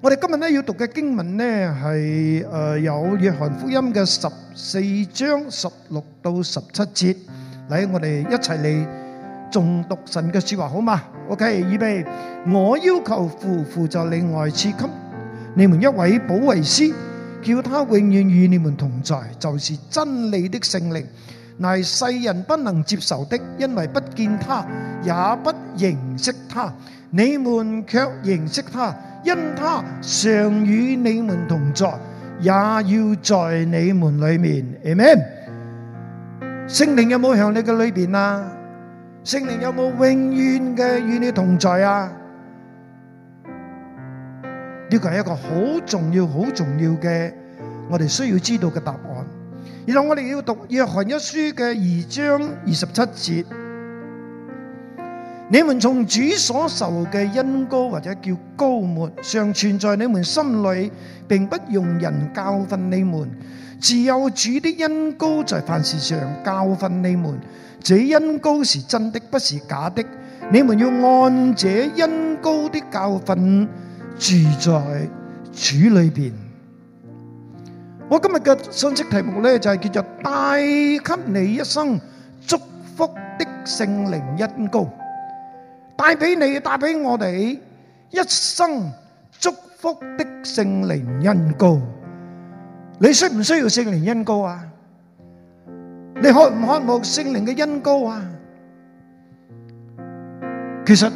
我哋今日咧要讀嘅經文咧係誒有約翰福音嘅十四章十六到十七節，嚟我哋一齊嚟誦讀神嘅說話，好嘛？OK，預備。我要求父，父就另外賜給你們一位保惠師，叫他永遠與你們同在，就是真理的聖靈。乃世人不能接受的，因為不見他，也不認識他。你們卻認識他。因他常與你們同在，也要在你們裏面。amen。聖靈有冇向你嘅裏邊啊？聖靈有冇永遠嘅與你同在啊？呢個係一個好重要、好重要嘅，我哋需要知道嘅答案。然後我哋要讀約翰一書嘅二章二十七節。你們從主所受嘅恩膏，或者叫膏抹，常存在你們心裏，並不用人教訓你們，自有主的恩膏在凡事上教訓你們。這恩膏是真的，不是假的。你們要按這恩膏的教訓住在主裏邊。我今日嘅信息題目呢，就係叫做帶給你一生祝福的聖靈恩膏。帶俾你，帶俾我哋一生祝福的聖靈恩膏。你需唔需要聖靈恩膏啊？你渴唔渴望聖靈嘅恩膏啊？其實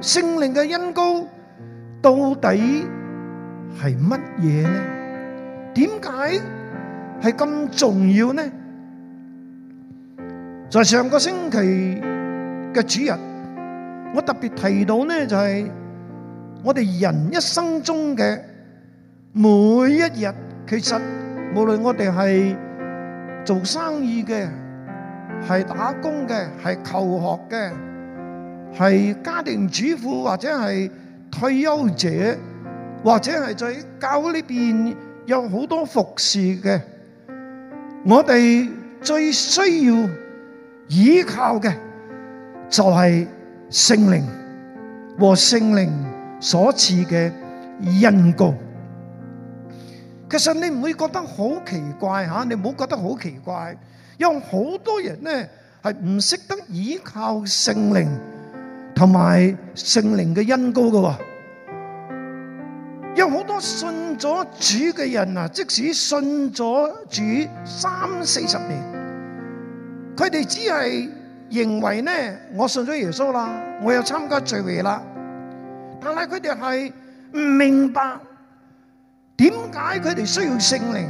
聖靈嘅恩膏到底係乜嘢呢？點解係咁重要呢？在上個星期嘅主日。我特別提到咧，就係、是、我哋人一生中嘅每一日，其實無論我哋係做生意嘅，係打工嘅，係求學嘅，係家庭主婦或者係退休者，或者係在教呢邊有好多服侍嘅，我哋最需要依靠嘅就係、是。聖靈和聖靈所賜嘅恩膏，其實你唔會覺得好奇怪吓？你唔好覺得好奇怪，因為好多人呢係唔識得依靠聖靈同埋聖靈嘅恩膏嘅。有好多信咗主嘅人啊，即使信咗主三四十年，佢哋只係。認為咧，我信咗耶穌啦，我又參加聚會啦，但係佢哋係唔明白點解佢哋需要聖靈，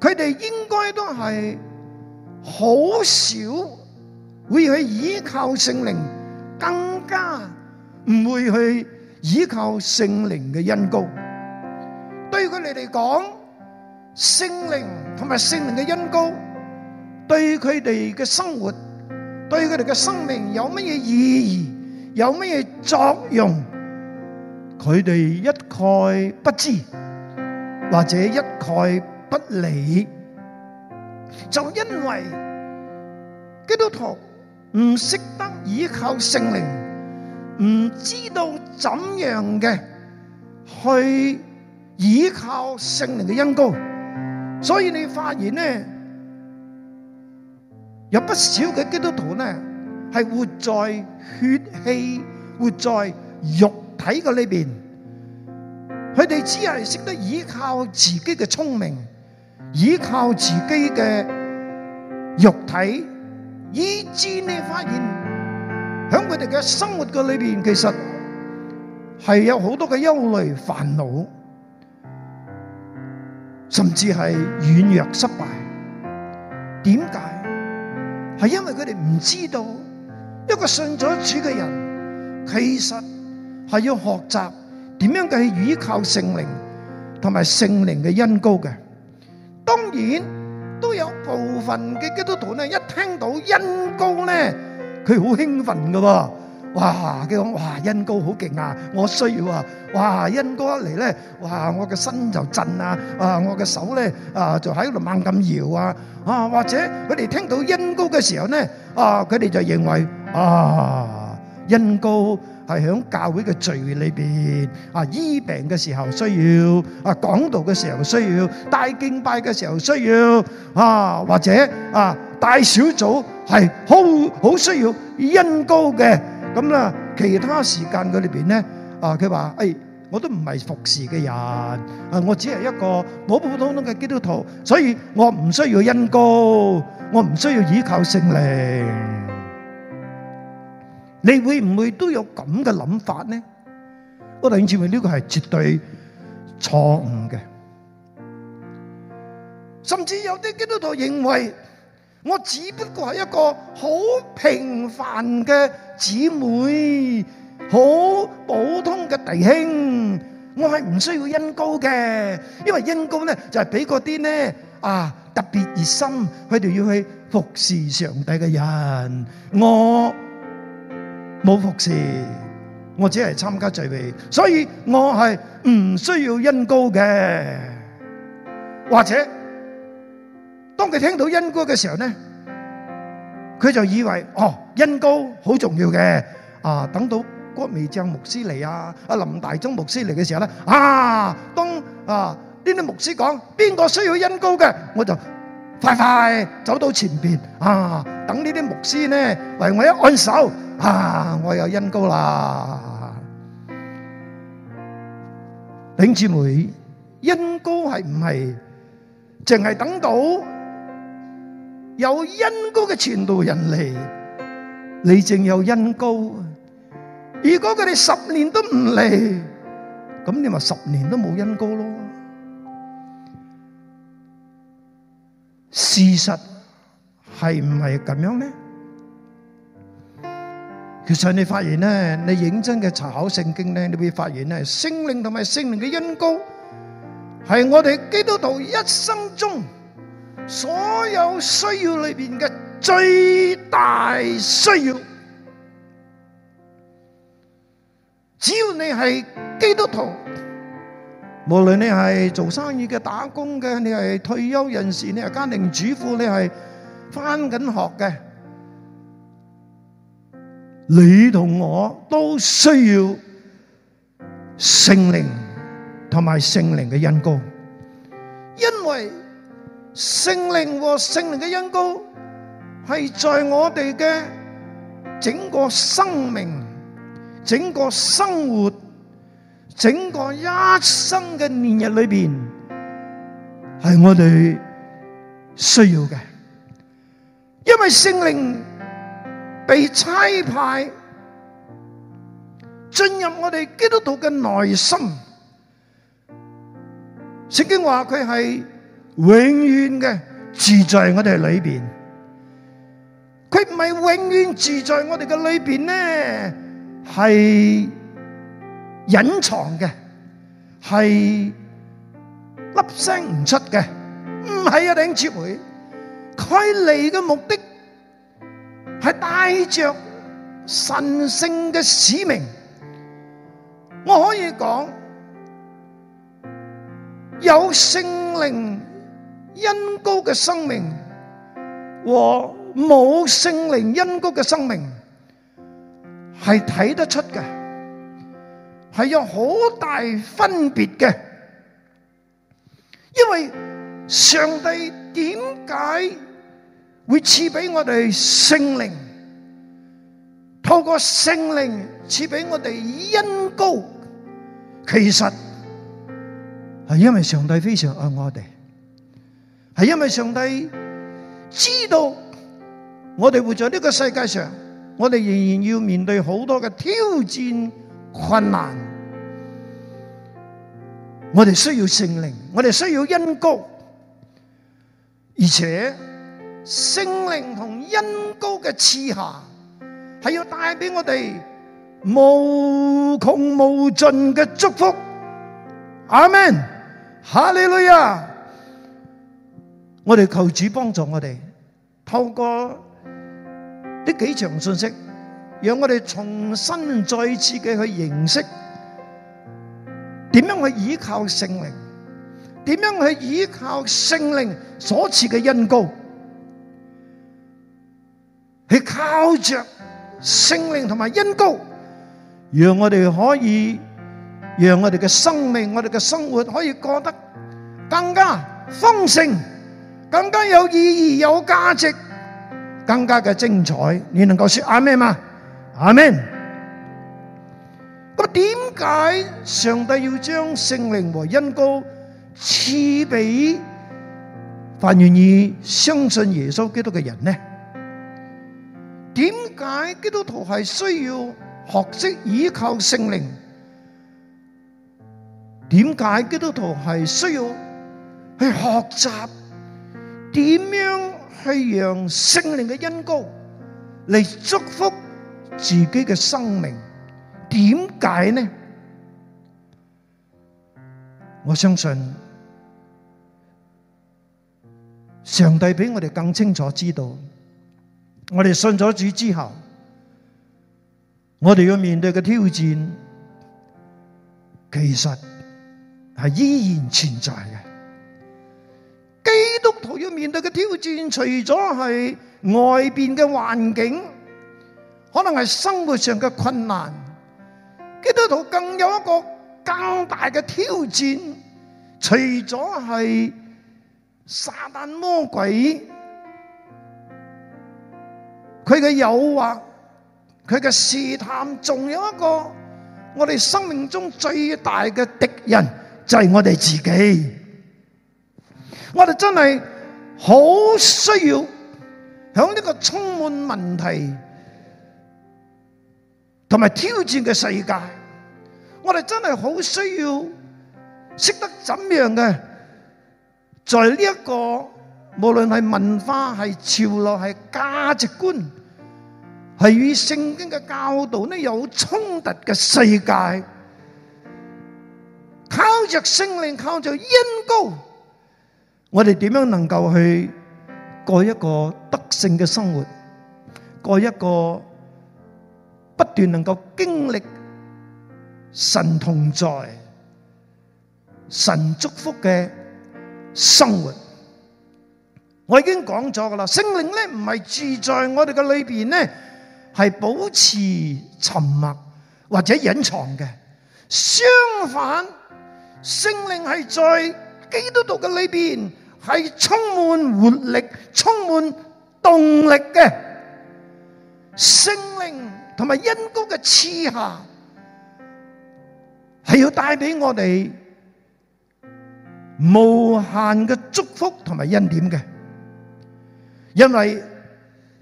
佢哋應該都係好少會去依靠聖靈，更加唔會去依靠聖靈嘅恩膏。對佢哋嚟講，聖靈同埋聖靈嘅恩膏。對佢哋嘅生活，對佢哋嘅生命有乜嘢意義，有乜嘢作用？佢哋一概不知，或者一概不理，就因為基督徒唔識得依靠聖靈，唔知道怎樣嘅去依靠聖靈嘅恩膏，所以你發現咧。有不少嘅基督徒咧，係活在血氣、活在肉體嘅裏邊，佢哋只係識得依靠自己嘅聰明，依靠自己嘅肉體，以致你發現響佢哋嘅生活嘅裏邊，其實係有好多嘅憂慮、煩惱，甚至係軟弱、失敗。點解？係因為佢哋唔知道一個信咗主嘅人，其實係要學習點樣去倚靠聖靈，同埋聖靈嘅恩膏嘅。當然都有部分嘅基督徒咧，一聽到恩膏，咧，佢好興奮噶噃。哇！佢講，哇，恩膏好勁啊！我需要啊！哇，恩膏一嚟咧，哇，我嘅身就震啊！啊，我嘅手咧啊，就喺度猛咁搖啊！啊，或者佢哋聽到恩膏嘅時候咧，啊，佢哋就認為啊，恩膏係喺教會嘅聚裏邊啊，醫病嘅時候需要啊，講道嘅時候需要，大敬拜嘅時候需要啊，或者啊，大小組係好好需要恩膏嘅。咁啦，其他時間佢裏邊咧，啊，佢話，誒、哎，我都唔係服侍嘅人，啊，我只係一個普普通通嘅基督徒，所以我唔需要恩膏，我唔需要依靠聖靈。你會唔會都有咁嘅諗法呢？我哋前面呢個係絕對錯誤嘅，甚至有啲基督徒認為我只不過係一個好平凡嘅。姊妹，好普通嘅弟兄，我係唔需要恩膏嘅，因為恩膏咧就係俾嗰啲咧啊，特別熱心，佢哋要去服侍上帝嘅人，我冇服侍，我只係參加聚會，所以我係唔需要恩膏嘅。或者，當佢聽到恩膏嘅時候咧。佢就以為哦恩膏好重要嘅啊，等到郭美江牧師嚟啊，阿林大中牧師嚟嘅時候咧啊，當啊呢啲牧師講邊個需要恩膏嘅，我就快快走到前邊啊，等呢啲牧師呢為我一按手啊，我有恩膏啦，弟兄姊妹，恩膏係唔係淨係等到？有恩高嘅傳道人嚟，你淨有恩高。如果佢哋十年都唔嚟，咁你咪十年都冇恩高咯？事實係唔係咁樣呢？其實你發現呢，你認真嘅查考聖經呢，你會發現呢，聖靈同埋聖靈嘅恩高，係我哋基督徒一生中。所有需要裏邊嘅最大需要，只要你係基督徒，無論你係做生意嘅、打工嘅、你係退休人士、你係家庭主婦、你係返緊學嘅，你同我都需要聖靈同埋聖靈嘅恩膏，因為。聖靈和聖靈嘅恩膏係在我哋嘅整個生命、整個生活、整個一生嘅年日裏邊，係我哋需要嘅。因為聖靈被差派進入我哋基督徒嘅內心，聖經話佢係。永遠嘅住在我哋裏邊，佢唔係永遠住在我哋嘅裏邊呢，係隱藏嘅，係粒聲唔出嘅，唔係啊！丁志偉，佢嚟嘅目的係帶着神聖嘅使命，我可以講有聖靈。恩膏嘅生命和冇聖靈恩膏嘅生命係睇得出嘅，係有好大分別嘅。因為上帝點解會賜俾我哋聖靈，透過聖靈賜俾我哋恩膏，其實，係因為上帝非常愛我哋。係因為上帝知道我哋活在呢個世界上，我哋仍然要面對好多嘅挑戰困難。我哋需要聖靈，我哋需要恩膏，而且聖靈同恩膏嘅賜下，係要帶俾我哋無窮無盡嘅祝福。阿門，哈利路亞。我哋求主幫助我哋，透過呢幾場信息，讓我哋重新再次嘅去認識，點樣去依靠聖靈，點樣去依靠聖靈所賜嘅恩膏，去靠着聖靈同埋恩膏，讓我哋可以，讓我哋嘅生命，我哋嘅生活可以過得更加豐盛。更加有意義、有價值，更加嘅精彩，你能夠說阿們嗎？阿們？咁點解上帝要將聖靈和恩膏賜俾凡願意相信耶穌基督嘅人呢？點解基督徒係需要學識倚靠聖靈？點解基督徒係需要去學習？點樣去讓聖靈嘅恩膏嚟祝福自己嘅生命？點解呢？我相信上帝比我哋更清楚知道，我哋信咗主之後，我哋要面對嘅挑戰，其實係依然存在嘅。基督徒要面對嘅挑戰，除咗係外邊嘅環境，可能係生活上嘅困難，基督徒更有一個更大嘅挑戰，除咗係撒旦魔鬼佢嘅誘惑、佢嘅試探，仲有一個我哋生命中最大嘅敵人就係我哋自己。我哋真係好需要喺呢個充滿問題同埋挑戰嘅世界，我哋真係好需要識得怎樣嘅，在呢一個無論係文化、係潮流、係價值觀，係與聖經嘅教導呢有衝突嘅世界，靠着聖靈，靠着恩膏。我哋點樣能夠去過一個德性嘅生活，過一個不斷能夠經歷神同在、神祝福嘅生活？我已經講咗噶啦，聖靈咧唔係住在我哋嘅裏邊咧，係保持沉默或者隱藏嘅。相反，聖靈係在基督徒嘅裏邊。係充滿活力，充滿動力嘅聖靈同埋恩膏嘅賜下，係要帶俾我哋無限嘅祝福同埋恩典嘅。因為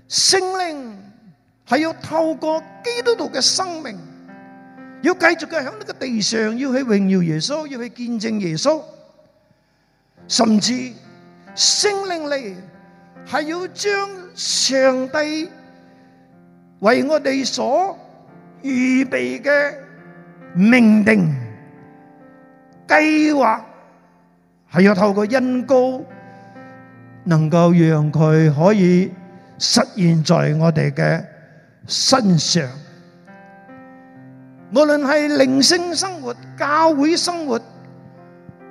聖靈係要透過基督徒嘅生命，要繼續嘅響呢個地上，要去榮耀耶穌，要去見證耶穌，甚至。聖靈嚟，係要將上帝為我哋所預備嘅命定計劃，係要透過恩膏，能夠讓佢可以實現在我哋嘅身上。無論係靈性生活、教會生活。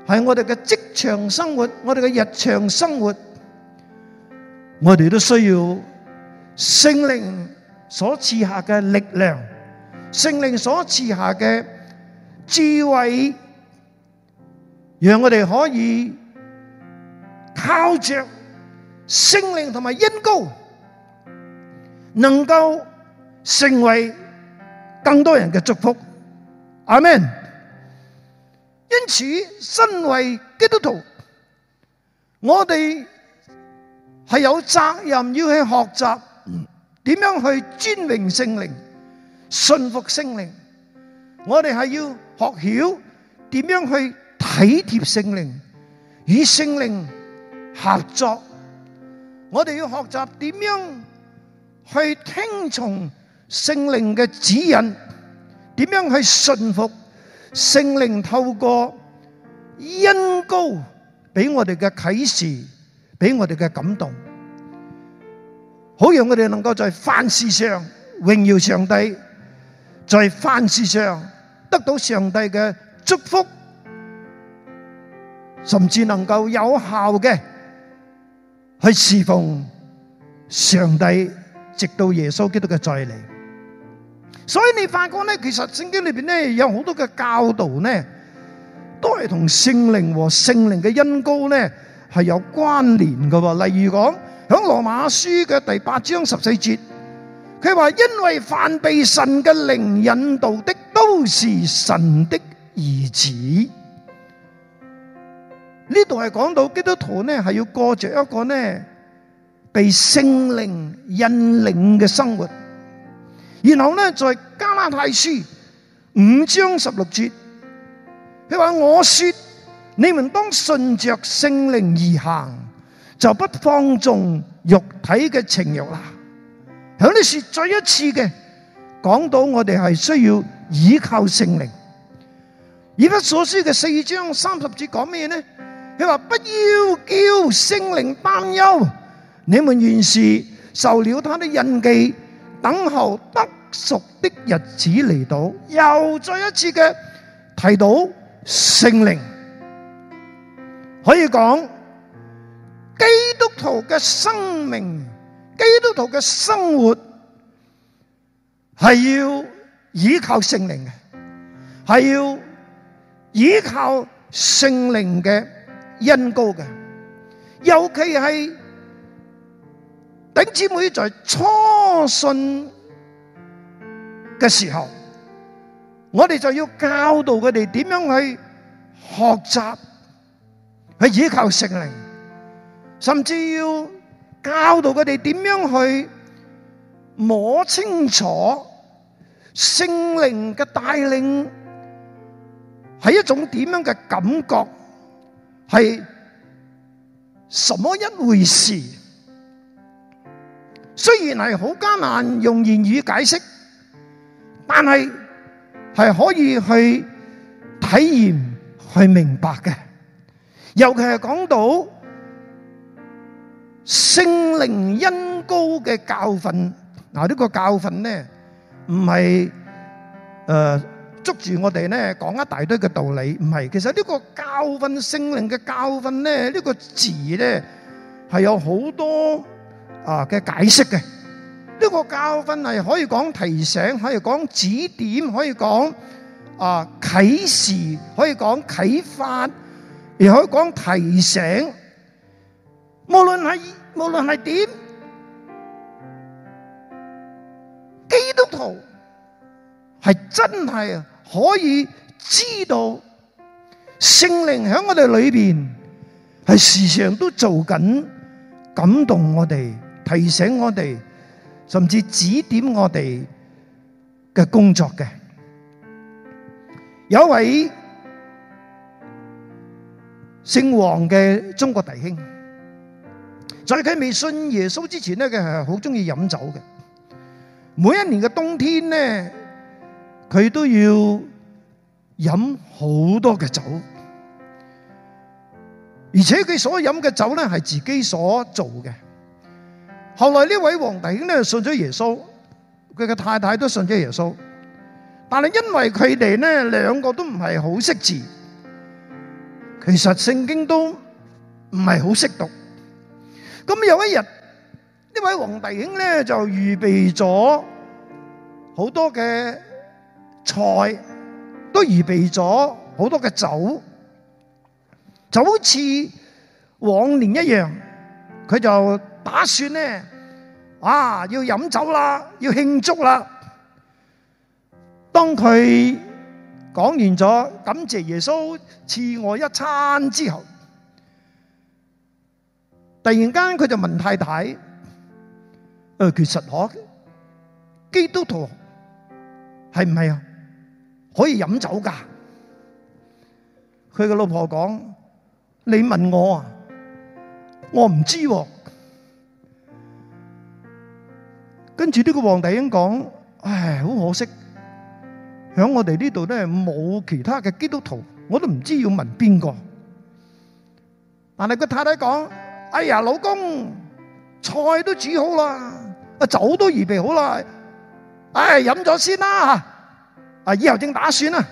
喺我哋嘅職場生活，我哋嘅日常生活，我哋都需要聖靈所賜下嘅力量，聖靈所賜下嘅智慧，讓我哋可以靠着聖靈同埋恩膏，能夠成為更多人嘅祝福。阿門。因此，身為基督徒，我哋係有責任要去學習點樣去尊榮聖靈、順服聖靈。我哋係要學曉點樣去體貼聖靈，與聖靈合作。我哋要學習點樣去聽從聖靈嘅指引，點樣去順服。聖靈透過恩膏，俾我哋嘅啟示，俾我哋嘅感動，好讓我哋能夠在凡事上榮耀上帝，在凡事上得到上帝嘅祝福，甚至能夠有效嘅去侍奉上帝，直到耶穌基督嘅再嚟。所以你發覺咧，其實聖經裏邊咧有好多嘅教導咧，都係同聖靈和聖靈嘅恩膏咧係有關聯嘅。例如講喺羅馬書嘅第八章十四節，佢話，因為凡被神嘅靈引導的，都是神的兒子。呢度係講到基督徒咧係要過着一個咧被聖靈引領嘅生活。然後咧，再加拉太書五章十六節，佢話：我說你們當順着聖靈而行，就不放縱肉體嘅情慾啦。響呢，是再一次嘅講到我哋係需要倚靠聖靈。以弗所書嘅四章三十節講咩呢？佢話：不要叫聖靈擔憂，你們原是受了他的印記。等候得贖的日子嚟到，又再一次嘅提到聖靈，可以講基督徒嘅生命、基督徒嘅生活係要依靠聖靈嘅，係要依靠聖靈嘅恩膏嘅，尤其係。弟兄姊妹在初信嘅時候，我哋就要教導佢哋點樣去學習，去依靠聖靈，甚至要教導佢哋點樣去摸清楚聖靈嘅帶領係一種點樣嘅感覺，係什麼一回事？雖然係好艱難用言語解釋，但係係可以去體驗去明白嘅。尤其係講到聖靈恩膏嘅教訓，嗱，呢個教訓咧唔係誒捉住我哋咧講一大堆嘅道理，唔係。其實呢個教訓聖靈嘅教訓咧呢個字咧係有好多。啊嘅解釋嘅呢個教訓係可以講提醒，可以講指點，可以講啊啟示，可以講啟發，亦可以講提醒。無論係無論係點，基督徒係真係可以知道聖靈喺我哋裏邊係時常都做緊感動我哋。提醒我哋，甚至指點我哋嘅工作嘅。有一位姓王嘅中國弟兄，在佢未信耶穌之前咧，佢係好鍾意飲酒嘅。每一年嘅冬天咧，佢都要飲好多嘅酒，而且佢所飲嘅酒咧係自己所做嘅。後來呢位皇帝兄呢，信咗耶穌，佢嘅太太都信咗耶穌，但係因為佢哋呢兩個都唔係好識字，其實聖經都唔係好識讀。咁有一日，呢位皇帝兄呢就預備咗好多嘅菜，都預備咗好多嘅酒，就好似往年一樣，佢就。打算咧，啊，要飲酒啦，要慶祝啦。當佢講完咗感謝耶穌賜我一餐之後，突然間佢就問太太：誒、呃，其實我基督徒係唔係啊？可以飲酒噶？佢嘅老婆講：你問我啊，我唔知喎、啊。跟住呢個黃大英講：唉，好可惜，喺我哋呢度咧冇其他嘅基督徒，我都唔知要問邊個。但係個太太講：哎呀，老公，菜都煮好啦，啊酒都預備好啦，唉、哎，飲咗先啦、啊，啊以後正打算啊。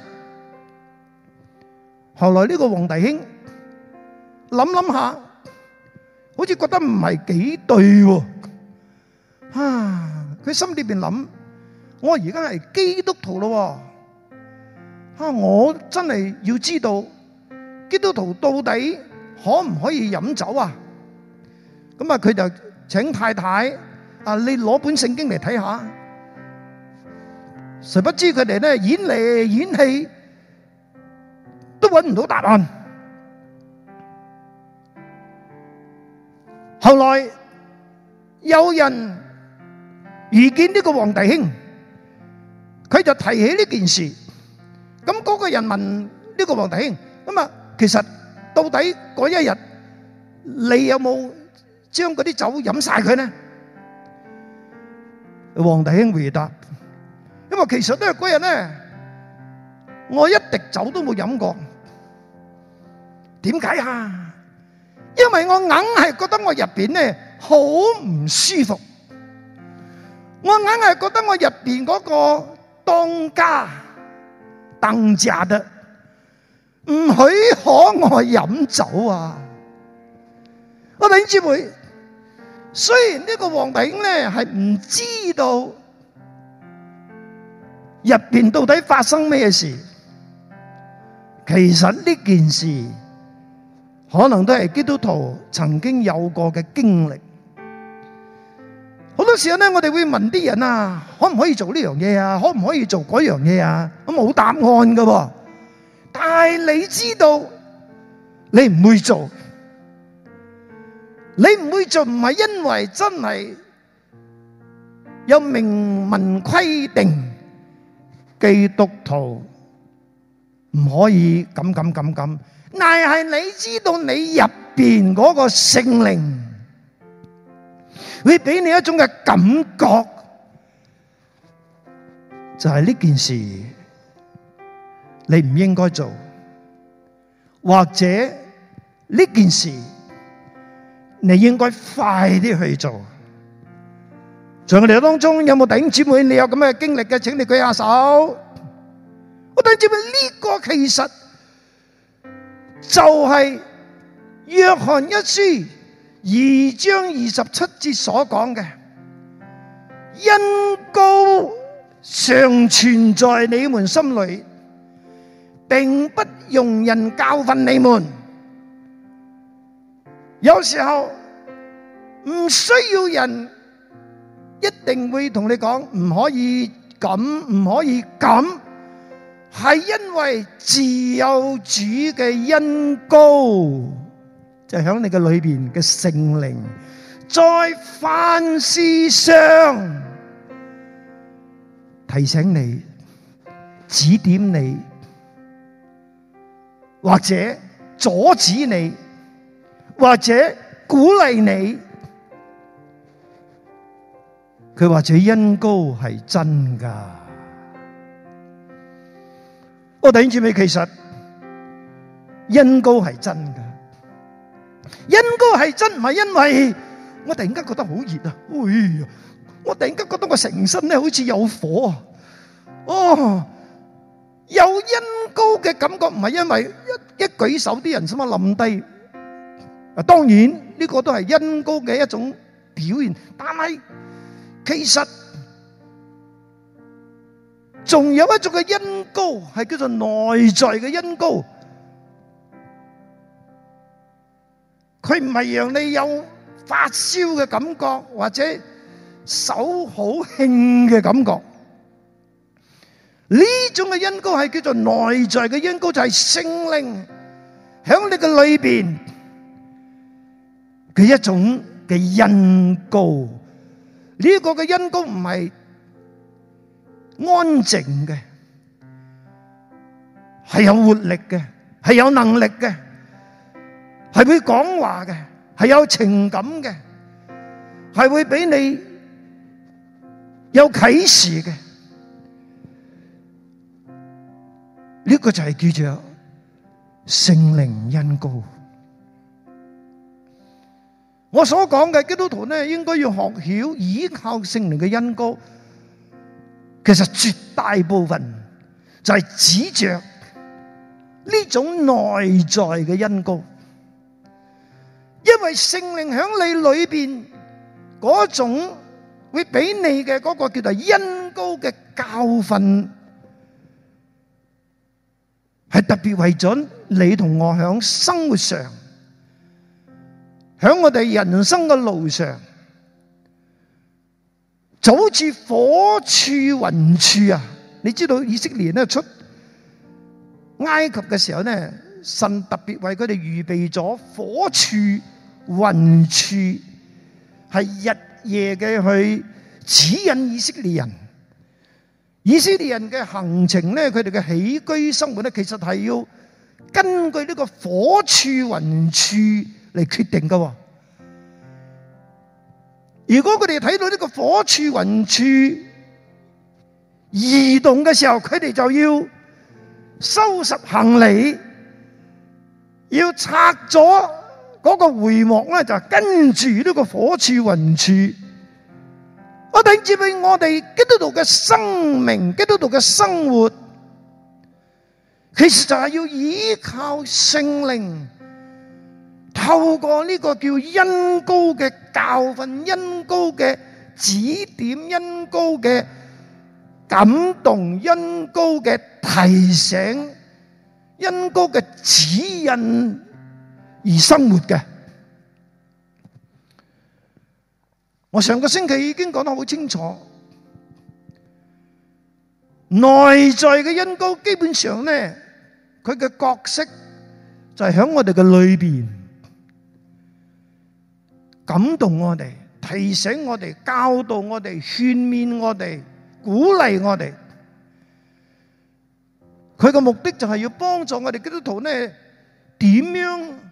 後來呢個黃大英諗諗下，好似覺得唔係幾對。啊！佢心裏邊諗：我而家係基督徒咯，啊！我真係要知道基督徒到底可唔可以飲酒啊？咁啊，佢就請太太啊，你攞本聖經嚟睇下。誰不知佢哋咧演嚟演去，都搵唔到答案。後來有人。遇見呢個黃弟兄，佢就提起呢件事。咁、那、嗰個人問呢個黃弟兄，咁啊，其實到底嗰一日你有冇將嗰啲酒飲晒佢呢？黃弟兄回答，因為其實嗰日咧，我一滴酒都冇飲過。點解啊？因為我硬係覺得我入邊咧好唔舒服。我硬係覺得我入邊嗰個當家當家的唔許可我飲酒啊！我領姐妹，雖然呢個皇帝咧係唔知道入邊到底發生咩事，其實呢件事可能都係基督徒曾經有過嘅經歷。有時候咧，我哋會問啲人啊，可唔可以做呢樣嘢啊？可唔可以做嗰樣嘢啊？我冇答案㗎喎，但係你知道，你唔會做，你唔會做唔係因為真係有明文規定基督徒唔可以咁咁咁咁，但係你知道你入邊嗰個聖靈。會俾你一種嘅感覺，就係呢件事你唔應該做，或者呢件事你應該快啲去做。在我哋當中有冇弟兄姊妹？你有咁嘅經歷嘅，請你舉下手。我弟兄姊妹呢個其實就係約翰一書。而將二十七節所講嘅恩膏常存在你們心裏，並不容人教訓你們。有時候唔需要人，一定會同你講唔可以咁，唔可以咁，係因為自有主嘅恩膏。就響你嘅裏邊嘅聖靈，在凡事上提醒你、指點你，或者阻止你，或者鼓勵你。佢或者恩膏係真噶，我頂住尾其實恩膏係真噶。恩膏係真，唔係因為我突然間覺得好熱啊，哎呀，我突然間覺得我成身咧好似有火啊，哦，有恩膏嘅感覺唔係因為一一舉手啲人使乜冧低，啊當然呢、這個都係恩膏嘅一種表現，但係其實仲有一種嘅恩膏係叫做內在嘅恩膏。佢唔係讓你有發燒嘅感覺，或者手好興嘅感覺。呢種嘅恩膏係叫做內在嘅恩膏，就係聖靈響你嘅裏邊嘅一種嘅恩膏。呢個嘅恩膏唔係安靜嘅，係有活力嘅，係有能力嘅。係會講話嘅，係有情感嘅，係會俾你有啟示嘅。呢個就係叫做聖靈恩膏。我所講嘅基督徒咧，應該要學曉依靠聖靈嘅恩膏。其實絕大部分就係指着呢種內在嘅恩膏。因為聖靈喺你裏邊嗰種會俾你嘅嗰個叫做恩膏嘅教訓，係特別為咗你同我喺生活上，喺我哋人生嘅路上，就好似火柱、雲柱啊！你知道以色列咧出埃及嘅時候咧，神特別為佢哋預備咗火柱。雲柱係日夜嘅去指引以色列人，以色列人嘅行程咧，佢哋嘅起居生活咧，其實係要根據呢個火柱雲柱嚟決定噶。如果佢哋睇到呢個火柱雲柱移動嘅時候，佢哋就要收拾行李，要拆咗。嗰個回幕咧，就係，跟住呢個火柱雲柱，我哋接俾我哋基督徒嘅生命，基督徒嘅生活，其實就係要依靠聖靈，透過呢個叫恩膏嘅教訓，恩膏嘅指點，恩膏嘅感動，恩膏嘅提醒，恩膏嘅指引。而生活嘅，我上個星期已經講得好清楚，內在嘅恩膏基本上咧，佢嘅角色就喺我哋嘅裏邊，感動我哋，提醒我哋，教導我哋，勸勉我哋，鼓勵我哋。佢嘅目的就係要幫助我哋基督徒咧，點樣？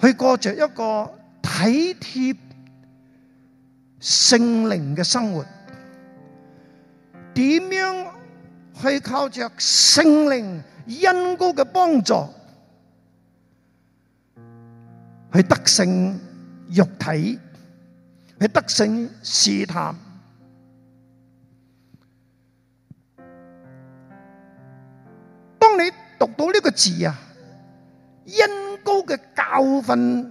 去過着一個體貼聖靈嘅生活，點樣去靠着聖靈恩膏嘅幫助去得勝肉體，去得勝試探。當你讀到呢個字啊，恩。高嘅教訓，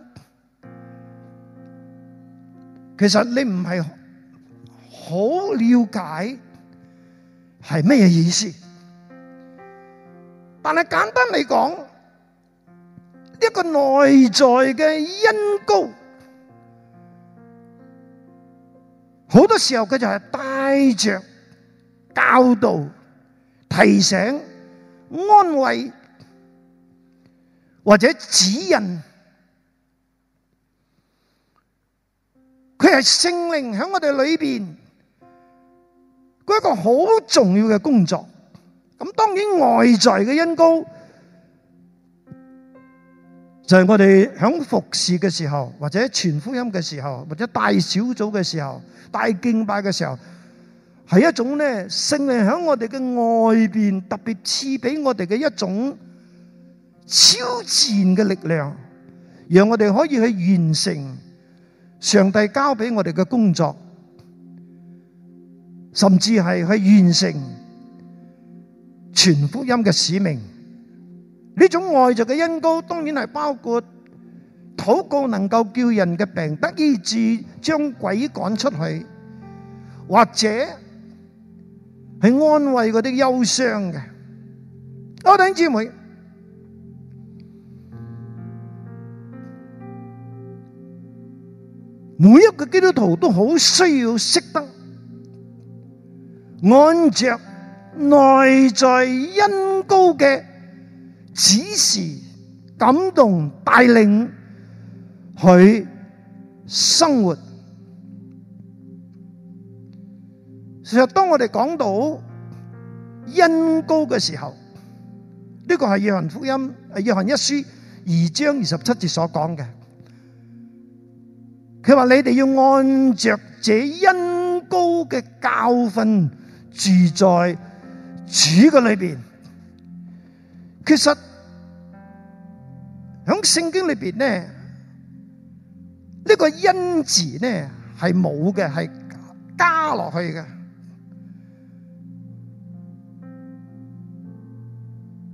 其實你唔係好了解係咩嘢意思，但係簡單嚟講，一個內在嘅恩膏，好多時候佢就係帶着教導、提醒、安慰。或者指引，佢係聖靈響我哋裏邊，佢一個好重要嘅工作。咁當然外在嘅恩膏，就係、是，我哋響服侍嘅時候，或者傳福音嘅時候，或者大小組嘅時候、大敬拜嘅時候，係一種咧聖靈響我哋嘅外邊特別賜俾我哋嘅一種。超自然嘅力量，讓我哋可以去完成上帝交俾我哋嘅工作，甚至係去完成全福音嘅使命。呢種外在嘅恩膏，當然係包括禱告能夠叫人嘅病得醫治，將鬼趕出去，或者係安慰嗰啲憂傷嘅弟兄姊妹。每一個基督徒都好需要識得按着內在恩膏嘅指示感動帶領去生活。其實當我哋講到恩膏嘅時候，呢、這個係約翰福音誒，約翰一書二章二十七節所講嘅。佢話你哋要按着這恩高嘅教訓,住在主嘅裏面。其實,喺聖經裏面呢,呢個恩字呢,係冇嘅,係加落去嘅。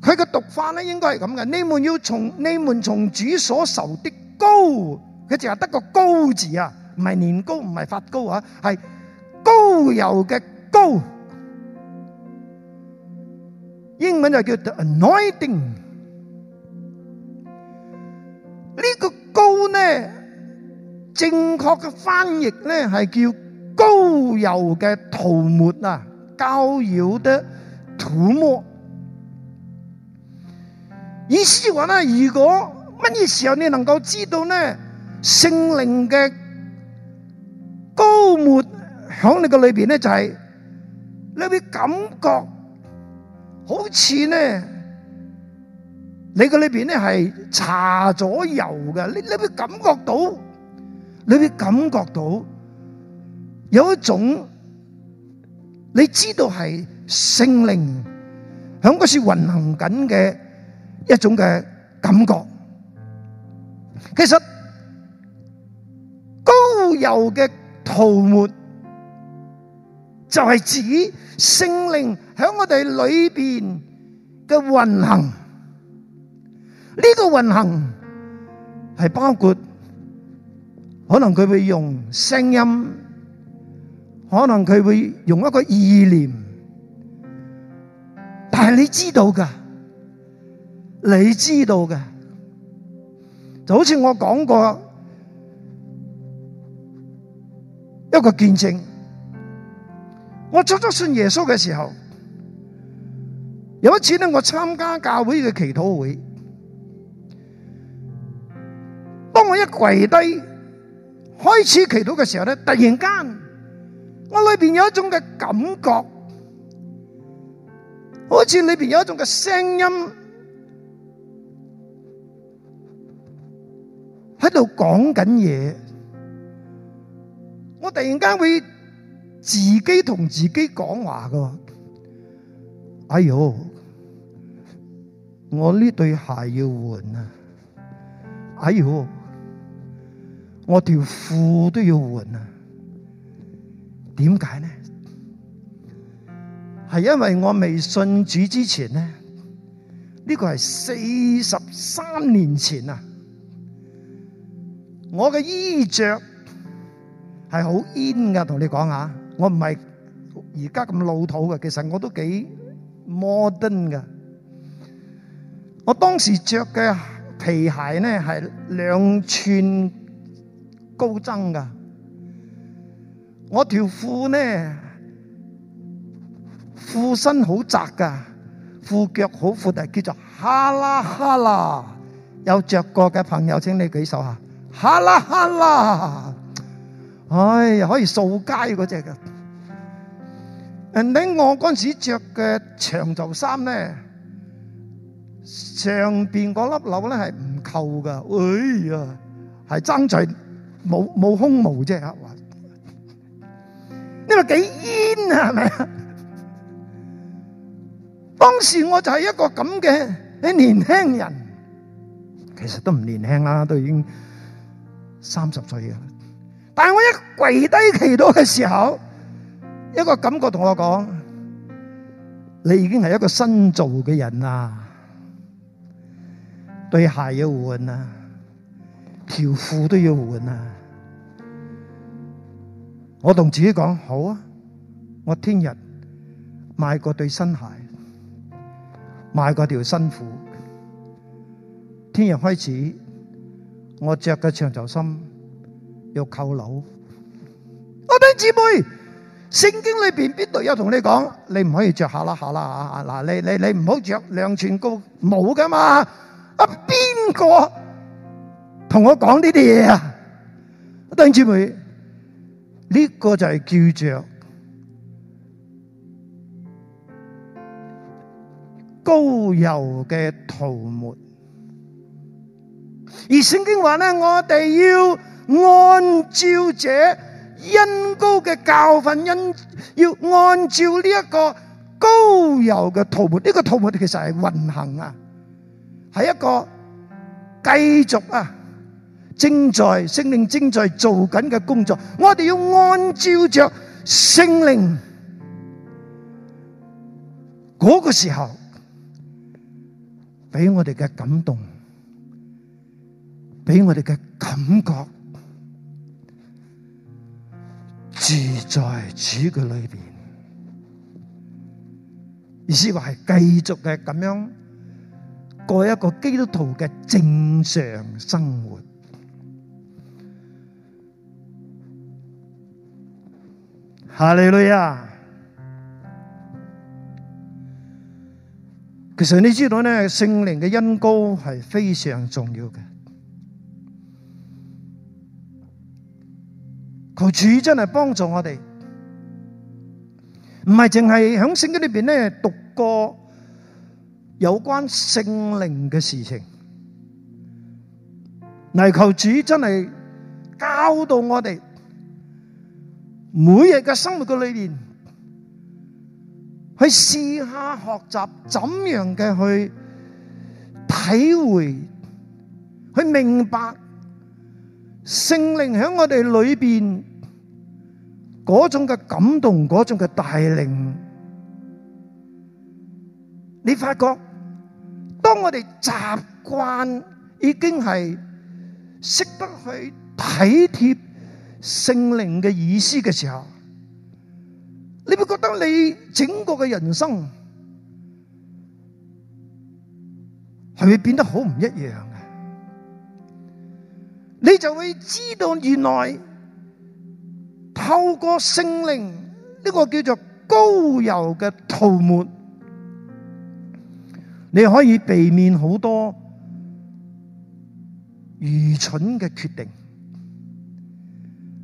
佢個讀法呢,應該係咁樣,你們要從,你們從主所受的高,佢淨係得個膏字啊，唔係年糕，唔係發糕啊，係膏油嘅膏，英文就叫做 anointing。呢個膏呢，正確嘅翻譯呢係叫膏油嘅塗抹啊，教繞的塗抹。意思話啦，如果乜嘢時候你能夠知道呢？聖靈嘅高沫響你個裏邊咧，就係你會感覺，好似咧你個裏邊咧係搽咗油嘅，你你會感覺到，你會感覺到有一種你知道係聖靈響嗰時運行緊嘅一種嘅感覺，其實。油嘅塗抹就係指聖靈響我哋裏邊嘅運行，呢個運行係包括可能佢會用聲音，可能佢會用一個意念，但係你知道噶，你知道嘅，就好似我講過。一個見證，我初初信耶穌嘅時候，有一次咧，我參加教會嘅祈禱會，當我一跪低開始祈禱嘅時候咧，突然間我裏邊有一種嘅感覺，好似裏邊有一種嘅聲音喺度講緊嘢。突然間會自己同自己講話㗎，哎呦，我呢對鞋要換啊！哎呦，我條褲都要換啊！點解呢？係因為我未信主之前呢，呢個係四十三年前啊，我嘅衣着。係好 in 噶，同你講啊！我唔係而家咁老土嘅，其實我都幾 modern 噶。我當時着嘅皮鞋呢，係兩吋高踭噶，我條褲呢，褲身好窄噶，褲腳好闊，係叫做哈啦哈啦。有着過嘅朋友請你舉手啊！哈啦哈啦。唉，可以掃街嗰隻嘅。人哋我嗰時着嘅長袖衫咧，上邊嗰粒鈕咧係唔扣嘅。哎呀，係爭取，冇冇胸毛啫吓。呢個幾煙啊，係咪啊？ 當時我就係一個咁嘅啲年輕人，其實都唔年輕啦，都已經三十歲嘅。但係我一跪低祈禱嘅時候，一個感覺同我講：你已經係一個新造嘅人喇！對鞋要換啊，條褲都要換啊！我同自己講：好啊，我聽日買過對新鞋，買過條新褲，聽日開始我着嘅長袖衫。要扣留，弟兄姊妹，聖經裏邊邊度有同你講，你唔可以着下啦下啦啊！嗱，你你你唔好着兩寸高冇噶嘛，啊邊個同我講呢啲嘢啊？弟兄姊妹，呢個就係叫着高油嘅塗抹，而聖經話咧，我哋要。按照者恩膏嘅教訓，因要按照呢一個膏油嘅塗抹，呢、這個塗抹其實係運行啊，係一個繼續啊，正在聖靈正在做緊嘅工作，我哋要按照着聖靈嗰、那個時候俾我哋嘅感動，俾我哋嘅感覺。住在主嘅裏邊，意思話係繼續嘅咁樣過一個基督徒嘅正常生活。夏麗女啊，其實你知道呢，聖靈嘅恩膏係非常重要嘅。求主真係幫助我哋，唔係淨係響聖經裏邊咧讀過有關聖靈嘅事情，嚟，求主真係教導我哋每日嘅生活嘅裏邊去試下學習怎樣嘅去體會，去明白。聖靈響我哋裏邊種嘅感動，種嘅帶領，你發覺當我哋習慣已經係識得去體貼聖靈嘅意思嘅時候，你會覺得你整個嘅人生係會變得好唔一樣。你就會知道原來透過聖靈呢個叫做膏油嘅塗抹，你可以避免好多愚蠢嘅決定，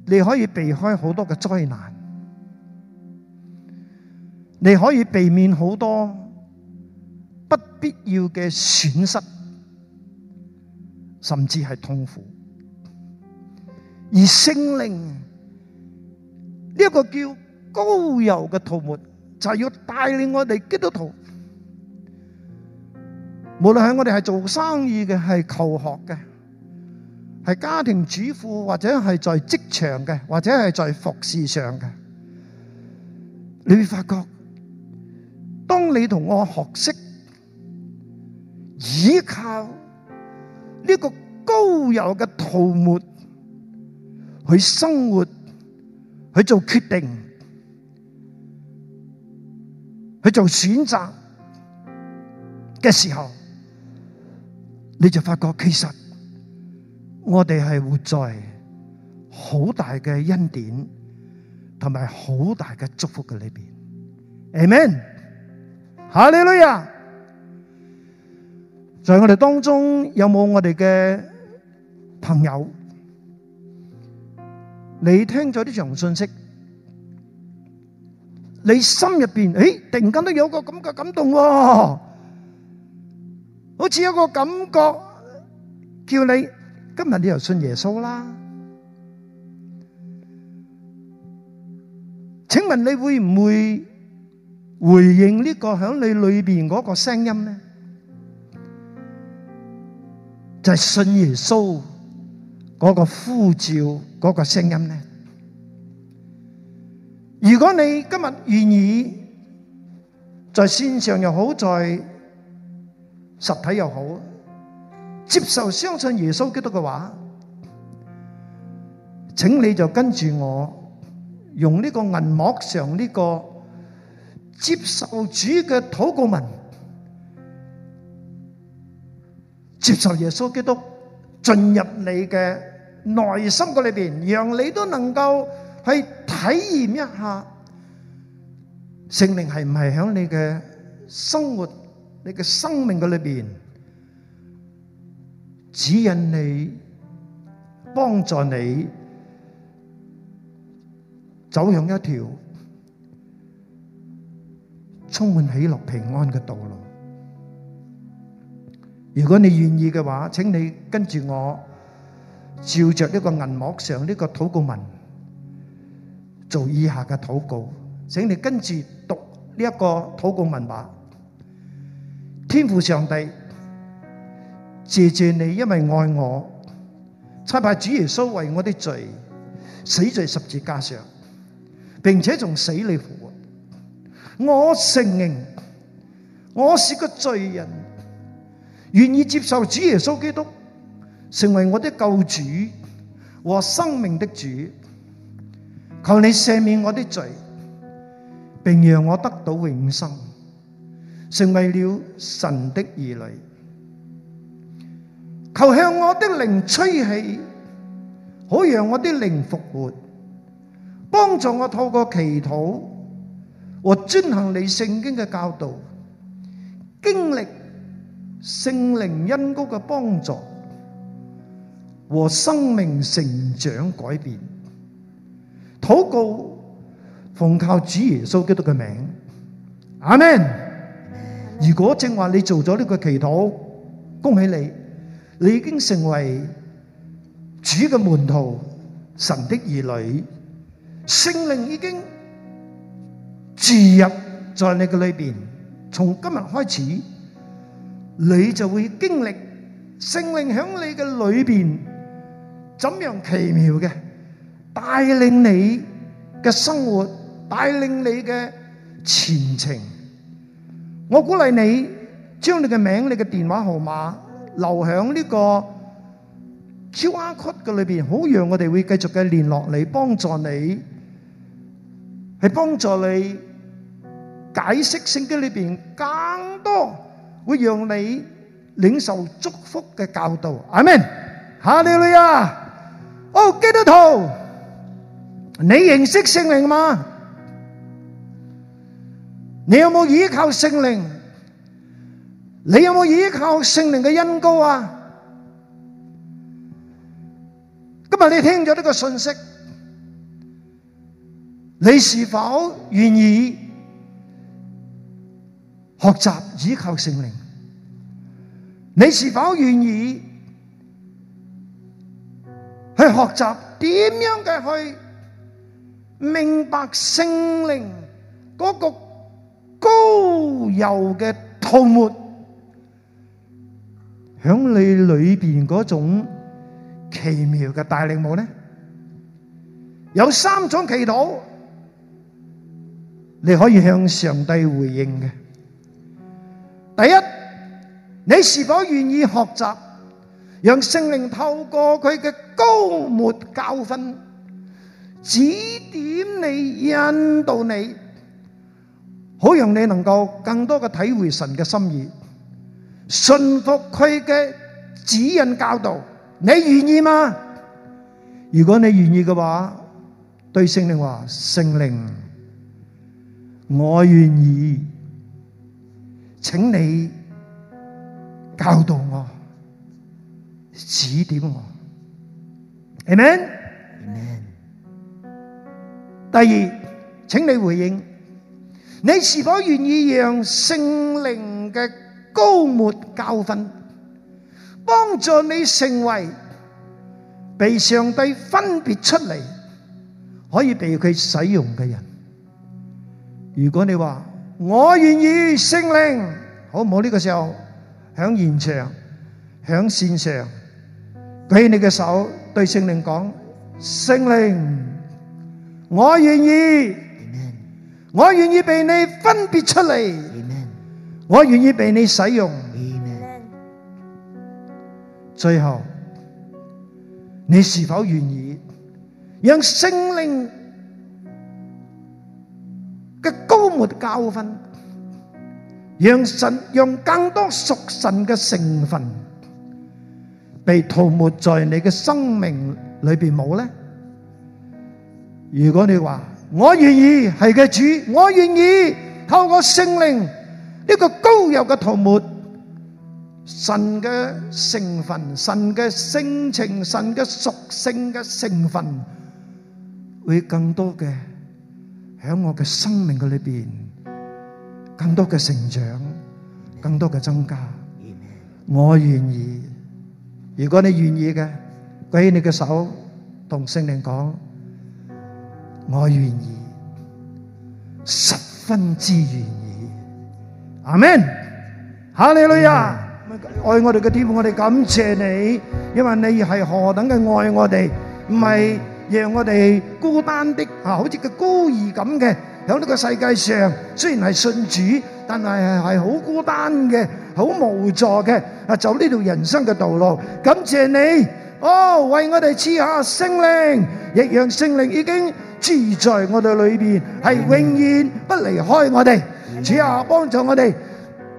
你可以避開好多嘅災難，你可以避免好多不必要嘅損失，甚至係痛苦。而聖靈呢一、呢個叫膏油嘅塗抹，就係、要帶領我哋基督徒，無論係我哋係做生意嘅，係求學嘅，係家庭主婦或者係在職場嘅，或者係在服侍上嘅，你會發覺，當你同我學識倚靠呢個膏油嘅塗抹。去生活，去做決定，去做選擇嘅時候，你就發覺其實我哋係活在好大嘅恩典，同埋好大嘅祝福嘅裏邊。Amen，哈利路亞，在我哋當中有冇我哋嘅朋友？你聽咗呢場信息，你心入邊，誒，突然間都有個感覺，感動喎，好似有一個感覺叫你今日你又信耶穌啦。請問你會唔會回應呢個響你裏邊嗰個聲音呢？就係信耶穌。嗰個呼召，嗰、嗰個聲音呢？如果你今日願意在綫上又好，在實體又好，接受相信耶穌基督嘅話，請你就跟住我，用呢個銀幕上呢個接受主嘅禱告文，接受耶穌基督進入你嘅。內心嗰裏面，讓你都能夠去體驗一下，聖靈係唔係響你嘅生活，你嘅生命嗰裏面指引你、幫助你走向一條充滿喜樂、平安嘅道路。如果你願意嘅話，請你跟住我。照着呢個銀幕上呢個禱告文，做以下嘅禱告，請你跟住讀呢一個禱告文話。天父上帝，謝謝你，因為愛我，差派主耶穌為我的罪死在十字架上，並且從死裏復活。我承認我是個罪人，願意接受主耶穌基督。成為我的救主和生命的主，求你赦免我的罪，並讓我得到永生，成為了神的兒女。求向我的靈吹氣，好讓我啲靈復活，幫助我透過祈禱和遵行你聖經嘅教導，經歷聖靈恩谷嘅幫助。和生命成長改變，禱告奉靠主耶穌基督嘅名，阿門。如果正話你做咗呢個祈禱，恭喜你，你已經成為主嘅門徒，神的兒女，聖靈已經注入在你嘅裏邊。從今日開始，你就會經歷聖靈響你嘅裏邊。怎樣奇妙嘅帶領你嘅生活，帶領你嘅前程？我鼓勵你將你嘅名、你嘅電話號碼留喺呢個 QR code 嘅裏邊，好讓我哋會繼續嘅聯絡你嚟幫助你，係幫助你解釋聖經裏邊更多會讓你領受祝福嘅教導。阿門！哈利路亞～哦，oh, 基督徒，你認識聖靈嗎？你有冇依靠聖靈？你有冇依靠聖靈嘅恩膏啊？今日你聽咗呢個信息，你是否願意學習依靠聖靈？你是否願意？去學習點樣嘅去明白聖靈嗰個膏油嘅塗抹，響你裏面嗰種奇妙嘅大禮物呢？有三種祈禱你可以向上帝回應嘅。第一，你是否願意學習？讓聖靈透過佢嘅膏抹教訓，指點你、引導你，好讓你能夠更多嘅體會神嘅心意，信服佢嘅指引教導。你願意嗎？如果你願意嘅話，對聖靈話：聖靈，我願意，請你教導我。指點我，Amen？Amen。第二，請你回應，你是否願意讓聖靈嘅膏抹教訓幫助你成為被上帝分別出嚟可以被佢使用嘅人？如果你話我願意，聖靈好唔好？呢個時候響現場，響線上。舉起你嘅手，對聖靈講：聖靈，我願意，我願意被你分別出嚟，我願意被你使用。最後，你是否願意讓聖靈嘅膏抹教訓，讓神，讓更多屬神嘅成分？被塗抹在你嘅生命裏邊冇咧？如果你話，我願意係嘅主，我願意透過聖靈呢個膏油嘅塗抹，神嘅成分、神嘅性情、神嘅屬性嘅成分，會更多嘅喺我嘅生命嘅裏邊，更多嘅成長，更多嘅增加。我願意。如果你願意嘅，舉起你嘅手同聖靈講，我願意，十分之願意。阿門！哈利路亞，愛我哋嘅天父，我哋感謝你，因為你係何等嘅愛我哋，唔係讓我哋孤單的啊，好似個孤兒咁嘅，喺呢個世界上雖然係信主，但係係好孤單嘅。好無助嘅啊，走呢條人生嘅道路，感謝你哦，為我哋賜下聖靈，亦讓聖靈已經住在我哋裏邊，係永遠不離開我哋，賜下幫助我哋，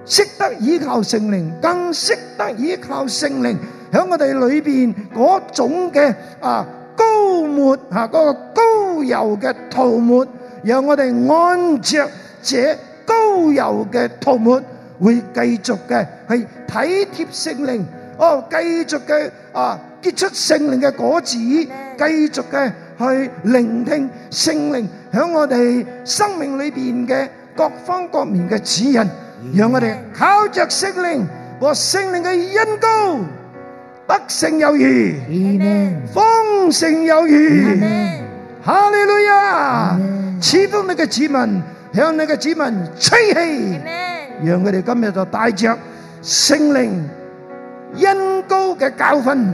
識得倚靠聖靈，更識得倚靠聖靈，響我哋裏邊嗰種嘅啊膏抹啊嗰個膏油嘅塗抹，讓我哋安着這膏油嘅塗抹。會繼續嘅去體貼聖靈哦，繼續嘅啊結出聖靈嘅果子，繼續嘅去聆聽聖靈響我哋生命裏邊嘅各方各面嘅指引，讓我哋靠着聖靈和聖靈嘅恩膏，得勝有餘，豐盛有餘。哈利路亞，賜福你嘅子民，向你嘅子民吹氣。讓佢哋今日就帶着聖靈恩膏嘅教訓，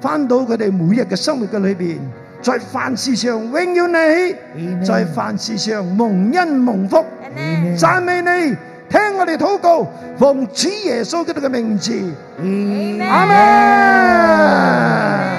返到佢哋每日嘅生活嘅裏邊，在凡事上榮耀你，在凡事上蒙恩蒙福，讚美你，聽我哋禱告，奉主耶穌嘅呢個名字，阿門。